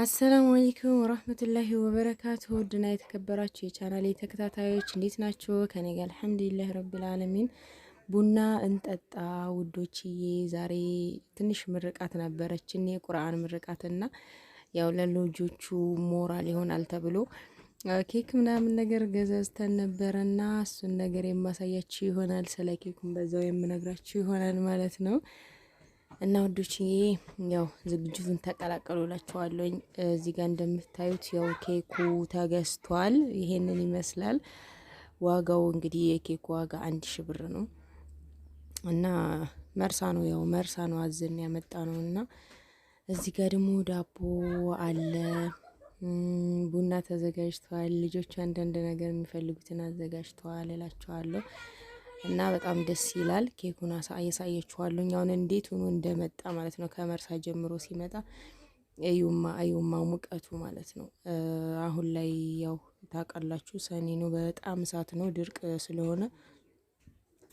አሰላሙ አለይኩም ወራህመቱላሂ ወበረካቱ። ውድና የተከበራችሁ የቻናሌ ተከታታዮች እንዴት ናችሁ? ከኔ ጋር አልሐምዱሊላህ ረቢል ዓለሚን። ቡና እንጠጣ ውዶችዬ። ዛሬ ትንሽ ምርቃት ነበረችን የቁርአን ምርቃትና ያው ለልጆቹ ሞራል ይሆናል ተብሎ ኬክ ምናምን ነገር ገዝተን ነበረና እሱን ነገር የማሳያችሁ ይሆናል። ስለ ኬኩም በዛው የምነግራችሁ ይሆናል ማለት ነው። እና ወዶችዬ ያው ዝግጅቱን ተቀላቀሉላችኋለኝ። እዚህ ጋር እንደምታዩት ያው ኬኩ ተገዝቷል። ይሄንን ይመስላል። ዋጋው እንግዲህ የኬኩ ዋጋ አንድ ሺ ብር ነው እና መርሳ ነው ያው መርሳ ነው አዝን ያመጣ ነው እና እዚህ ጋር ደግሞ ዳቦ አለ፣ ቡና ተዘጋጅተዋል። ልጆቹ አንዳንድ ነገር የሚፈልጉትን አዘጋጅተዋል እላችኋለሁ። እና በጣም ደስ ይላል። ኬኩን አሳየችኋለሁ አሁን እንዴት ሆኖ እንደመጣ ማለት ነው። ከመርሳ ጀምሮ ሲመጣ እዩማ እዩማ ሙቀቱ ማለት ነው። አሁን ላይ ያው ታውቃላችሁ ሰኔ ነው፣ በጣም እሳት ነው። ድርቅ ስለሆነ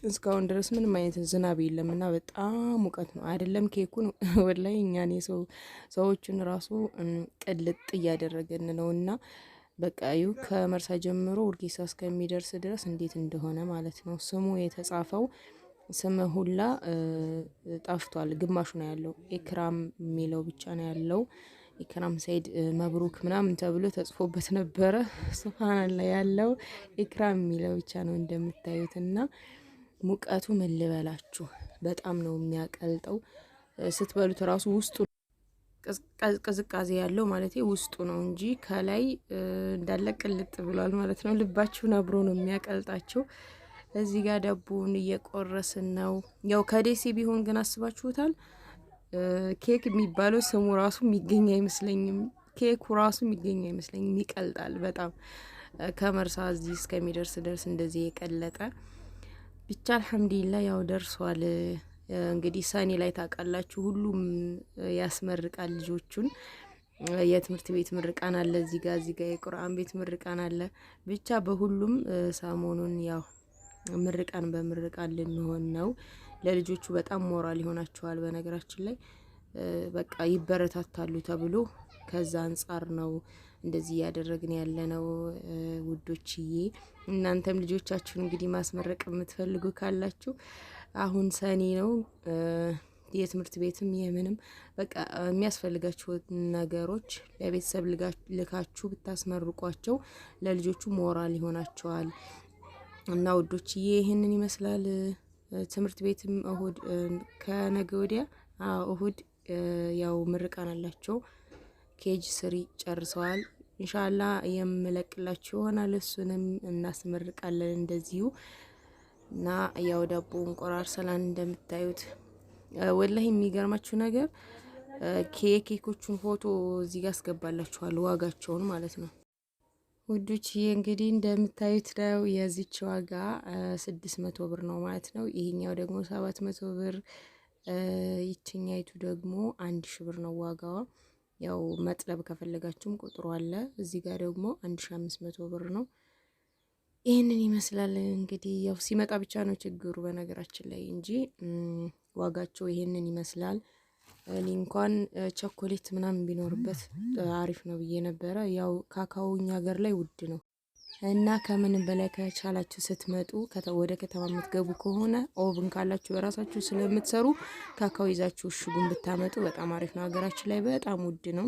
እስካሁን ድረስ ምንም አይነት ዝናብ የለም እና በጣም ሙቀት ነው። አይደለም ኬኩን ወላይ እኛ ሰዎችን ራሱ ቅልጥ እያደረገን ነው እና በቃ ይሁ ከመርሳ ጀምሮ ውርጌሳ እስከሚደርስ ድረስ እንዴት እንደሆነ ማለት ነው። ስሙ የተጻፈው ስም ሁላ ጠፍቷል። ግማሹ ነው ያለው። ኤክራም የሚለው ብቻ ነው ያለው። ኢክራም ሰይድ መብሩክ ምናምን ተብሎ ተጽፎበት ነበረ። ስብሃናላ ያለው ኢክራም የሚለው ብቻ ነው እንደምታዩት። እና ሙቀቱ ምን ልበላችሁ በጣም ነው የሚያቀልጠው። ስትበሉት ራሱ ውስጡ ቅዝቃዜ ያለው ማለት ውስጡ ነው እንጂ ከላይ እንዳለ ቅልጥ ብሏል ማለት ነው። ልባችሁን አብሮ ነው የሚያቀልጣቸው። እዚህ ጋር ዳቦውን እየቆረስን ነው። ያው ከደሴ ቢሆን ግን አስባችሁታል፣ ኬክ የሚባለው ስሙ ራሱ የሚገኝ አይመስለኝም። ኬኩ ራሱ የሚገኝ አይመስለኝም። ይቀልጣል በጣም ከመርሳ እዚህ እስከሚደርስ ድረስ እንደዚህ የቀለጠ ብቻ አልሐምዱሊላ ያው ደርሷል። እንግዲህ ሰኔ ላይ ታውቃላችሁ፣ ሁሉም ያስመርቃል ልጆቹን። የትምህርት ቤት ምርቃን አለ እዚህ ጋር እዚህ ጋር የቁርአን ቤት ምርቃን አለ። ብቻ በሁሉም ሰሞኑን ያው ምርቃን በምርቃን ልንሆን ነው። ለልጆቹ በጣም ሞራል ይሆናቸዋል። በነገራችን ላይ በቃ ይበረታታሉ ተብሎ ከዛ አንጻር ነው እንደዚህ እያደረግን ያለ ነው ውዶችዬ። እናንተም ልጆቻችሁን እንግዲህ ማስመረቅ የምትፈልጉ ካላችሁ አሁን ሰኔ ነው። የትምህርት ቤትም የምንም በቃ የሚያስፈልጋችሁ ነገሮች ለቤተሰብ ልካችሁ ብታስመርቋቸው ለልጆቹ ሞራል ይሆናቸዋል። እና ውዶች ይህንን ይመስላል። ትምህርት ቤትም እሁድ ከነገ ወዲያ እሁድ ያው ምርቃን አላቸው። ኬጅ ስሪ ጨርሰዋል። እንሻላ የምለቅላችሁ ይሆናል። እሱንም እናስመርቃለን እንደዚሁ እና ያው ዳቦ እንቆራር ሰላን እንደምታዩት ወላሂ የሚገርማችሁ ነገር የኬኮቹን ፎቶ እዚህ ጋር አስገባላችኋል ዋጋቸውን ማለት ነው። ይሄ እንግዲህ እንደምታዩት ነው የዚች ዋጋ ስድስት መቶ ብር ነው ማለት ነው። ይሄኛው ደግሞ ሰባት መቶ ብር፣ ይችኛይቱ ደግሞ አንድ ሺ ብር ነው ዋጋዋ። ያው መጥለብ ከፈለጋችሁም ቁጥሩ አለ። እዚህ ጋር ደግሞ አንድ ሺ አምስት መቶ ብር ነው። ይህንን ይመስላል እንግዲህ ያው ሲመጣ ብቻ ነው ችግሩ በነገራችን ላይ እንጂ ዋጋቸው ይህንን ይመስላል። እንኳን ቸኮሌት ምናምን ቢኖርበት አሪፍ ነው ብዬ ነበረ። ያው ካካው እኛ ሀገር ላይ ውድ ነው እና ከምንም በላይ ከቻላችሁ ስትመጡ ወደ ከተማ የምትገቡ ከሆነ ኦብን ካላችሁ በራሳችሁ ስለምትሰሩ ካካው ይዛችሁ እሽጉን ብታመጡ በጣም አሪፍ ነው። ሀገራችን ላይ በጣም ውድ ነው።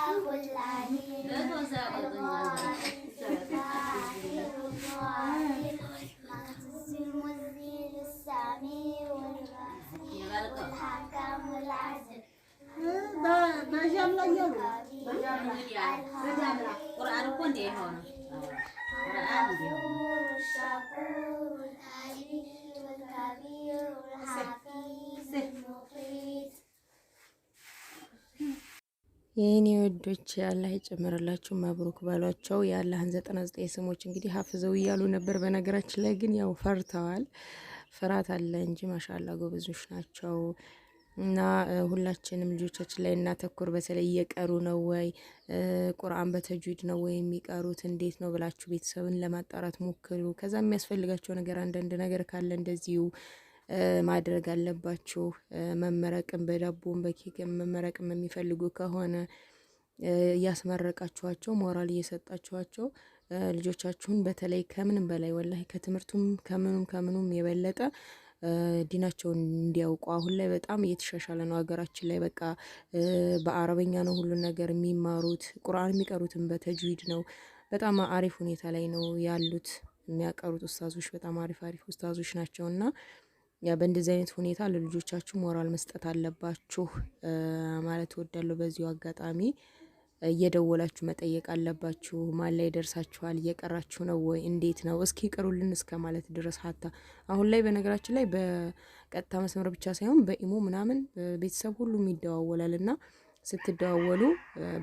በዚያም ላይ ያሉ ቁርአን እኮ እንደ ይሆነ ቁርአን የኔ ወዶች አላህ ይጨምርላችሁ፣ መብሩክ ባሏቸው የአላህን ዘጠና ዘጠኝ ስሞች እንግዲህ ሀፍዘው እያሉ ነበር። በነገራችን ላይ ግን ያው ፈርተዋል፣ ፍርሃት አለ እንጂ ማሻላ ጎበዞች ናቸው። እና ሁላችንም ልጆቻችን ላይ እናተኩር። በተለይ እየቀሩ ነው ወይ ቁርአን በተጁድ ነው ወይ የሚቀሩት እንዴት ነው ብላችሁ ቤተሰብን ለማጣራት ሞክሩ። ከዛ የሚያስፈልጋቸው ነገር አንዳንድ ነገር ካለ እንደዚሁ ማድረግ አለባችሁ። መመረቅም በዳቦም በኬክም መመረቅም የሚፈልጉ ከሆነ እያስመረቃችኋቸው ሞራል እየሰጣችኋቸው ልጆቻችሁን በተለይ ከምንም በላይ ወላሂ ከትምህርቱም ከምኑም ከምኑም የበለጠ ዲናቸውን እንዲያውቁ አሁን ላይ በጣም እየተሻሻለ ነው ሀገራችን ላይ። በቃ በአረበኛ ነው ሁሉን ነገር የሚማሩት። ቁርአን የሚቀሩትም በተጅዊድ ነው። በጣም አሪፍ ሁኔታ ላይ ነው ያሉት። የሚያቀሩት ኡስታዞች በጣም አሪፍ አሪፍ ኡስታዞች ናቸው እና ያ በእንደዚህ አይነት ሁኔታ ለልጆቻችሁ ሞራል መስጠት አለባችሁ ማለት እወዳለሁ በዚሁ አጋጣሚ እየደወላችሁ መጠየቅ አለባችሁ። ማን ላይ ደርሳችኋል? እየቀራችሁ ነው ወይ? እንዴት ነው? እስኪ ቅሩልን እስከ ማለት ድረስ ሀታ አሁን ላይ በነገራችን ላይ በቀጥታ መስመር ብቻ ሳይሆን በኢሞ ምናምን ቤተሰብ ሁሉም ይደዋወላል እና ስትደዋወሉ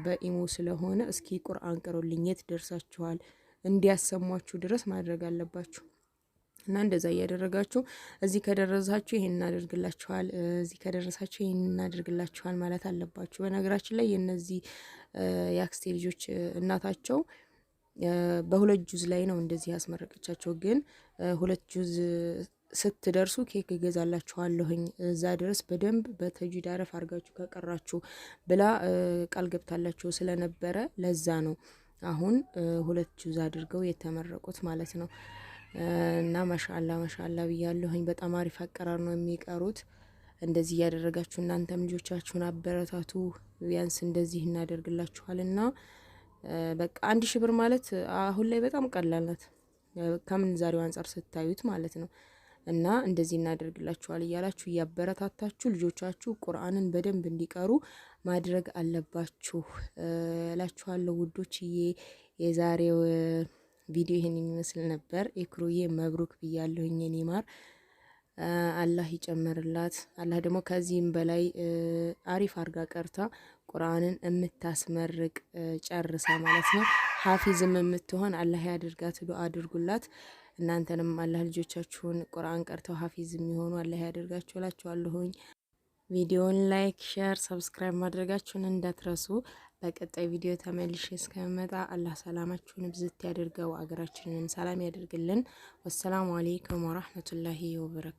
በኢሞ ስለሆነ እስኪ ቁርአን ቅሩልኝ፣ የት ደርሳችኋል እንዲያሰሟችሁ ድረስ ማድረግ አለባችሁ። እና እንደዛ እያደረጋችሁ እዚህ ከደረሳችሁ ይሄን እናደርግላችኋል፣ እዚህ ከደረሳችሁ ይሄን እናደርግላችኋል ማለት አለባችሁ። በነገራችን ላይ የነዚህ የአክስቴ ልጆች እናታቸው በሁለት ጁዝ ላይ ነው እንደዚህ ያስመረቀቻቸው። ግን ሁለት ጁዝ ስትደርሱ ኬክ እገዛላችኋለሁኝ እዛ ድረስ በደንብ በተጅዊድ አረፍ አድርጋችሁ ከቀራችሁ ብላ ቃል ገብታላችሁ ስለነበረ ለዛ ነው አሁን ሁለት ጁዝ አድርገው የተመረቁት ማለት ነው። እና መሻላ ማሻላ ብያለሁኝ። በጣም አሪፍ አቀራር ነው የሚቀሩት። እንደዚህ እያደረጋችሁ እናንተም ልጆቻችሁን አበረታቱ። ቢያንስ እንደዚህ እናደርግላችኋል እና በቃ አንድ ሺህ ብር ማለት አሁን ላይ በጣም ቀላል ናት ከምን ዛሬው አንጻር ስታዩት ማለት ነው። እና እንደዚህ እናደርግላችኋል እያላችሁ እያበረታታችሁ ልጆቻችሁ ቁርአንን በደንብ እንዲቀሩ ማድረግ አለባችሁ እላችኋለሁ ውዶችዬ የዛሬው ቪዲዮ ይሄን የሚመስል ነበር። ኤክሩዬ መብሩክ ብያለሁኝ። የኔ ማር አላህ ይጨምርላት አላህ ደግሞ ከዚህም በላይ አሪፍ አርጋ ቀርታ ቁርአንን የምታስመርቅ ጨርሳ ማለት ነው ሀፊዝም የምትሆን አላህ ያድርጋት። ዱአ አድርጉላት። እናንተንም አላህ ልጆቻችሁን ቁርአን ቀርተው ሀፊዝ የሚሆኑ አላህ ያደርጋችሁ እላችኋለሁኝ። ቪዲዮን ላይክ፣ ሼር፣ ሰብስክራይብ ማድረጋችሁን እንዳትረሱ። በቀጣይ ቪዲዮ ተመልሼ እስከመጣ አላህ ሰላማችሁን ብዝት ያድርገው፣ አገራችንንም ሰላም ያደርግልን። ወሰላሙ አሌይኩም ወራህመቱላሂ ወበረካቱ